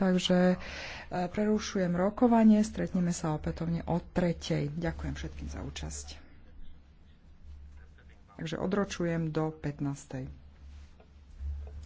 takže e, prerušujem rokovanie, stretneme sa opätovne o tretej. Ďakujem všetkým za účasť. Takže odročujem do 15.